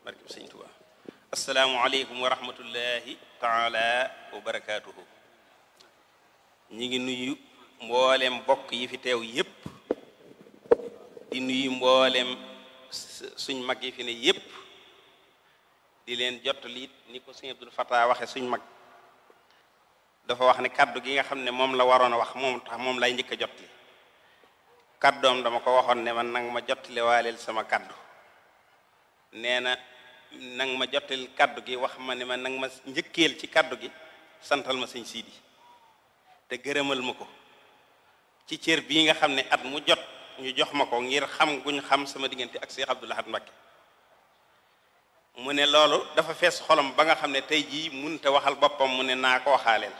barke bi sëñ Tuba asalaamualeykum wa rahmatullahi taala wa barakaatuhu ñi ngi nuyu mboolem mbokk yi fi teew yépp di nuyu mboolem suñ mag yi fi ne yépp di leen jottali it ni ko sëñ Abdul Fataa waxe suñ mag dafa wax ne kaddu gi nga xam ne moom la waroon a wax moom tax moom lay njëkk a jottali kaddoom dama ko waxoon ne man nanga ma jottali waaleel sama kaddu nee na nang ma jottil kaddu gi wax ma ne ma nang ma njëkkeel ci kaddu gi santal ma sëñ siidi te gërëmal ma ko ci cër bii nga xam ne at mu jot ñu jox ma ko ngir xam guñ xam sama diggante ak Cheikh Abdou Lahad Mbacké mu ne loolu dafa fees xolam ba nga xam ne tey jii mënut a waxal boppam mu ne naa ko waxaaleel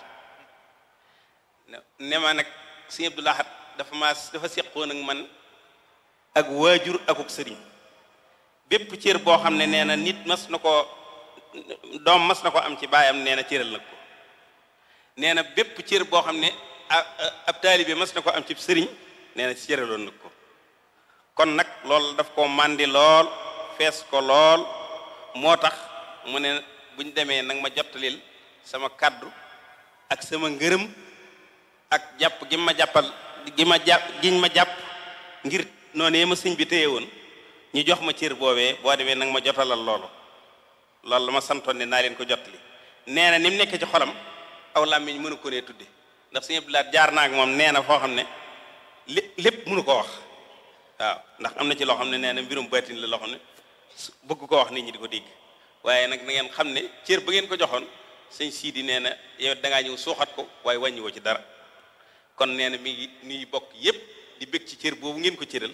ne ma nag Sëñ Abdou Lahad dafa ma dafa seqoon nag man ak waajur akuk sëriñ bépp cër boo xam ne nee na nit mas na ko doom mas na ko am ci baayam nee na cëral nag ko nee na bépp cér boo xam ne ab taalibe mas na ko am ci sëriñ nee na cëraloon nag ko kon nag loolu daf ko màndi lool fees ko lool moo tax mu ne buñ demee nag ma jottalil sama kaddu ak sama ngërëm ak jàpp gi ma jàppal gi ma jàpp giñ ma jàpp ngir noonee ma siñ bi téye woon ñi jox ma cër boobee boo demee nang ma jotalal loolu loolu la ma santoon ne naa leen ko jot li nee na ni mu nekk ci xolam aw làmmiñ mënu ko nee tudde ndax Sëñ Abdou laat jaar naa ak moom nee na foo xam ne lépp mënu ko wax waaw ndax am na ci loo xam ne nee na mbirum baatin la loo xam ne bëgg ko wax nit ñi di ko dégg waaye nag na ngeen xam ne cër ba ngeen ko joxoon sëñ siidi nee na yow dangaa ñëw suuxat ko waaye wàññiwoo ci dara kon nee na mi ngi bokk yépp di bëgg ci cër boobu ngeen ko cëral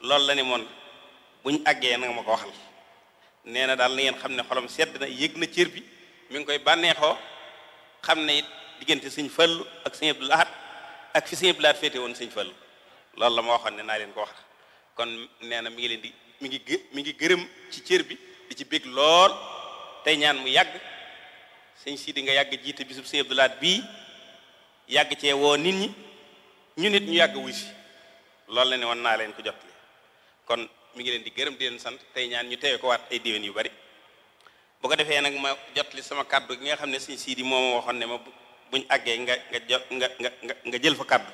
loolu la ne moon buñ àggee nanga ma ko waxal nee na daal na ngeen xam ne xolam sedd na yëg na cër bi mi ngi koy bànneexoo xam ne it diggante sëñ Fallu ak sëñ laat Ahad ak fi sëñ Abdul féete woon sëñ Fallu loolu la ma waxoon ne naa leen ko wax kon nee na mi ngi leen di mi ngi gë mi ngi gërëm ci cër bi ci bég lool tey mu yàgg sëñ Sidi nga yàgg jiite bisub sëñ Abdul bii yàgg cee woo nit ñi ñu nit ñu yàgg wuy si loolu la ne woon naa leen ko jot kon mu ngi leen di gërëm di sant tey ñaan ñu teewe ko waat ay déwén yu bari boo ko defee nag ma jot sama kàddu ki nga xam ne suñ siidi moo ma waxoon ne ma buñ àggee nga nga jo nga nga nga jël fa kàddu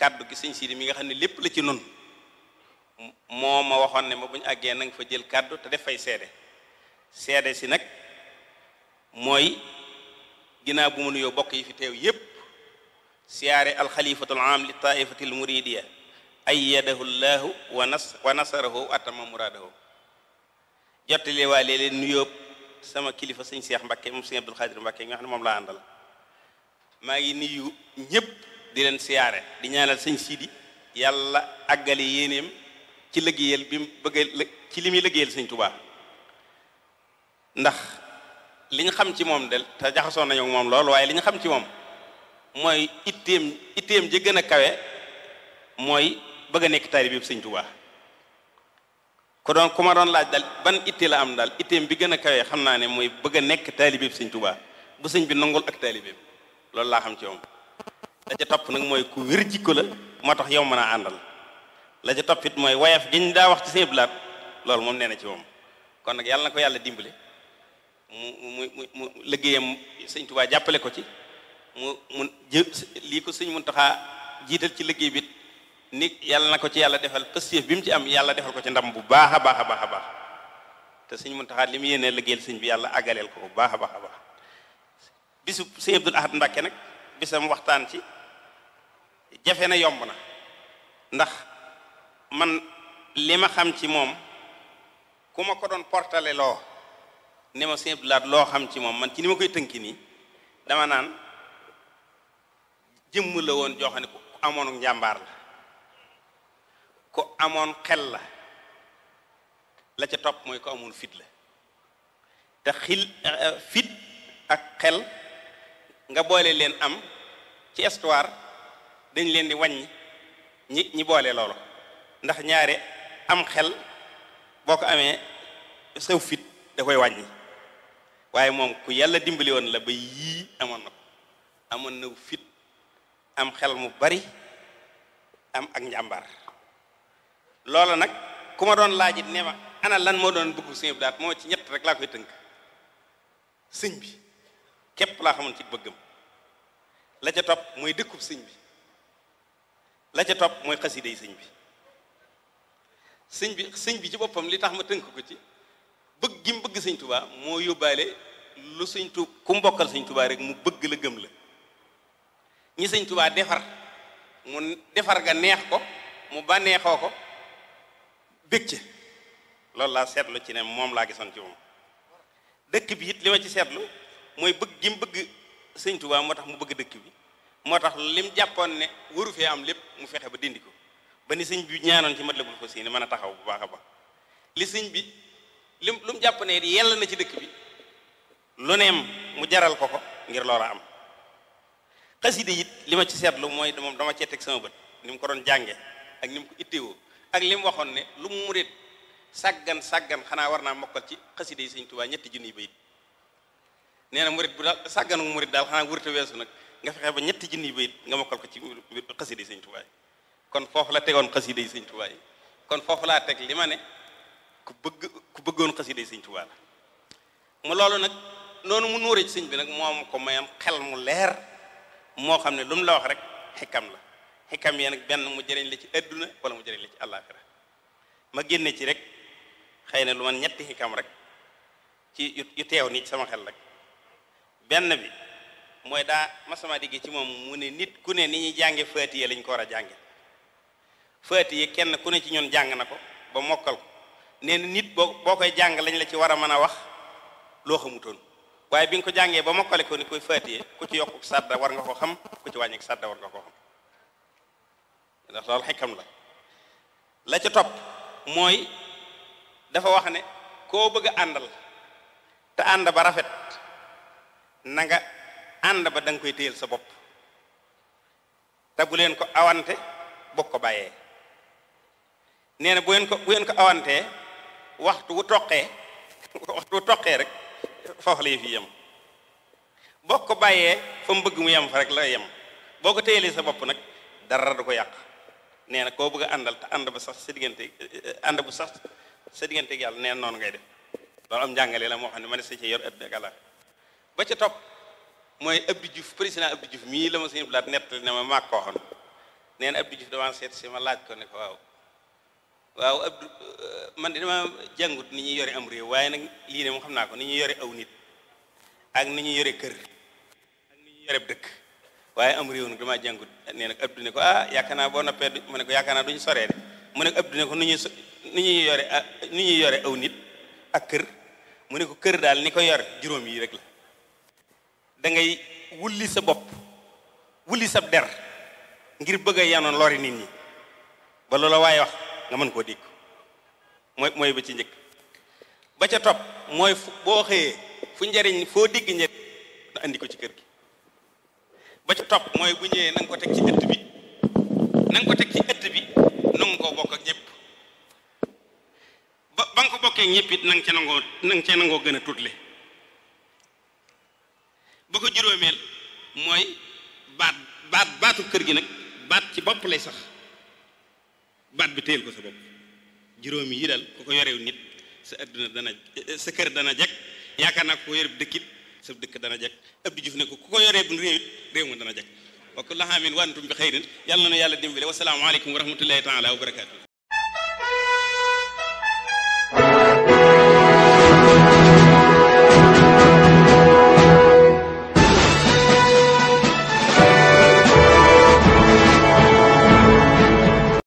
kàddu gi suñ siidi mi nga xam ne lépp la ci nun moo waxoon ne ma buñ àggee na nga fa jël kàddu te def fay seede seede si nag mooy ginnaaw bu mu nuyoo bokk yi fi teew yépp siyaare alxalifatul am li taaifatil muridiya ayyadahu llaahu wa nas wa nasarahu atama muraadahu jottali waa léeg-léeg nuyoo sama kilifa sëñ Cheikh Mbakke moom sëñ Abdul Xaadir Mbakke ne moom laa àndal maa ngi nuyu ñëpp di leen siyaare di ñaanal sëñ Sidi yàlla àggale yéeneem ci liggéeyal bi mu bëgg ci li muy liggéeyal sëñ ndax li ñu xam ci moom del te jaxasoon nañu moom lool waaye li ñu xam ci moom mooy itteem itteem ji gën a kawe mooy bëgg nek nekk taalibe bi sëñ ko don kuma don laaj dal ban itte la am dal itteem bi gëna kawé xamna né moy ne bëgg nek nekk taalibe bi sëñ bu sëñ bi nangul ak taalibeem loolu la xam ci yow la ca top nak moy ku wér jikko la moo tax yow mëna andal la ca topp it mooy wayaf giñ da wax ci sëñ blaat loolu mom néna ci moom kon nak yalla na yalla yàlla mu mu mu liggéeyam sëñ touba jappalé ko ci mu mu li ko sëñ Muntaxaa jital ci liggéey bi ni yalla na ci yalla defal pëstéef bi mu ci am yalla defal ko ci ndam bu baax a baax a baax te seigne muntaha li yene yéene seigne bi yalla agalel ko bu baax baax bisu seigne Abdul Ahad Mbàkke nak bisam waxtan ci jafe na ndax man lima xam ci mom kuma ko don portale lo ne ma sëñ Abdul Ahad xam ci mom man ci nima koy tënki ni dama nan jëm la jo xani ko ak jambar la ku amoon xel la la ca topp mooy ku amoon fit la te xil eh, eh, fit ak xel nga boole leen am ci histoire dañ leen di wàññi ñi ñi boole loolo ndax ñaare am xel boo ko amee saw fit da koy wàññi waaye moom ku yàlla dimbali la ba yii amoon na ko amoon na fit am xel mu bari am ak njàmbaar loola nag ku ma doon laajit ne ma ana lan moo doon bugg sëñ Abdou daat moo ci ñett rek laa koy tënk sëñ bi képp laa xamoon ci bëggam la ca topp mooy dëkkub sëñ bi la ca topp mooy xasida yi sëñ bi sëñ bi sëñ bi ci boppam li tax ma tënk ko ci bëgg gi mu bëgg sëñ tubaa moo yóbbaale lu sëñ tu ku mbokkal sëñ tubaa rek mu bëgg la gëm la ñi sëñ tubaa defar mu defar ga neex ko mu bànneexoo ko bég ci loolu laa seetlu ci ne moom laa gisoon ci moom dëkk bi it li ma ci seetlu mooy bëgg gi mu bëgg sëñ Tuubaa moo tax mu bëgg dëkk bi moo tax li mu jàppoon ne waru fee am lépp mu fexe ba dindi ko ba ni sëñ bi ñaanoon ci Matlabul Fawzayni mën a taxaw bu baax a baax li sëñ bi lim lu mu jàpp na ci dëkk bi lu neem mu jaral ko ko ngir loola am xasida it li ma ci seetlu mooy moom dama cee teg sama bët ni mu ko doon jànge ak ni mu ko ittewoo ak li mu waxoon ne lu mu murit sàggan sàggan xanaa war naa mokkal ci xasida yi sëñ Tuubaa ñetti junniy bayit nee na murit bu daal sàgganu murit daal xanaa wërta weesu nag nga fexe ba ñetti junniy bayit nga mokkal ko ci xasida yi sëñ Tuubaa kon foofu la tegoon xasida yi sëñ Tuubaa kon foofu laa teg li ma ne ku bëgg ku bëggoon xasida yi sëñ Tuubaa la mu loolu nag noonu mu nuuree sëñ bi nag moom ko mayam xel mu leer moo xam ne lu mu la wax rek xikam la xikam yee nag benn mu jëriñ la ci adduna wala mu jëriñ la ci àllaaxira ma génne ci rek xëy na lu man ñetti xikam rek ci yu teew nii ci sama xel rek benn bi mooy daa ma sama digge ci moom mu ne nit ku ne ni ñuy jànge faatiye lañ ko war a jànge faatiye kenn ku ne ci ñoon jàng na ko ba mokkal ko nee ni nit boo boo koy jàng lañ la ci war a mën a wax loo xamutoon waaye bi nga ko jàngee ba mokkale ko ni koy faatiye ku ci yokku sàdda war nga ko xam ku ci wàññi sàdda war ko ndax loolu xikam la la ca topp mooy dafa wax ne koo bëgg a àndal te ànd ba rafet na nga ànd ba danga koy téyel sa bopp te bu leen ko awante bokk ko bàyyee nee na bu leen ko awante leen ko awantee waxtu wu toqee waxtu wu toqee rek foofu lay fi yem bokk ko bàyyee fa mu bëgg mu yem fa rek la yem boo ko téyelee sa bopp nag dara du ko yàq nee na koo bëgg a àndal te ànd ba sax sa diggante eh, ànd bu sax sa diggante yàlla nee noonu ngay de loolu am njàngale la moo xam ne ma ne sa ci yor ëpp ak ba ca topp mooy Abdou Diouf président Abdou Diouf mii la ma sëñ Blaat nettali ne ma maag koo xam nee na Abdou Diouf seet si ma laaj ko ne ko waaw waaw Abdou eh, man ni ñuy yore am réew waaye nag lii ne moom xam naa ko ni ñuy yore aw nit ak ni ñuy yore kër ak ni ñuy yore dëkk waye am réew nag jangut jàngut nee nag abdu ne ko ah yakana bo boo noppee ne ko yakana naa duñu soree de mu ne ko abdu ne ko nu ñuy yoré ñuy dal, nu aw nit ak kër mu ne ko kër dal ni ko yore yi rek la da ngay wulli sa bop wulli sa der ngir bëgg a lori nit ñi ba loola way wax nga mën ko dégg moy moy ba ci ñëk ba ca top moy bo xé fu ñariñ fo digg ñëk andi ko ci kër gi ba ci topp mooy bu ñëwee na ko teg ci ëtt bi na ko teg ci ëtt bi nangu koo bokk ak ba ba nga ko bokkee ñëpp it na nga cee nangoo na cee nangoo gën a tutle ba ko juróomeel mooy baat baat baatu kër gi nag baat ci bopp lay sax baat bi teel ko sa bopp juróomi yi daal ku ko yorew nit sa adduna dana sa kër dana jag yaakaar naa ko ko yore dëkkit sab dëkk dana jag Abdou Diouf ne ko ku ko yoree bu réew it réew ma dana jag wa kullu aamin wa antum bi xayrin yàlla na yàlla dimbale wasalaamu aleykum wa rahmatullahi taala wa barakaatu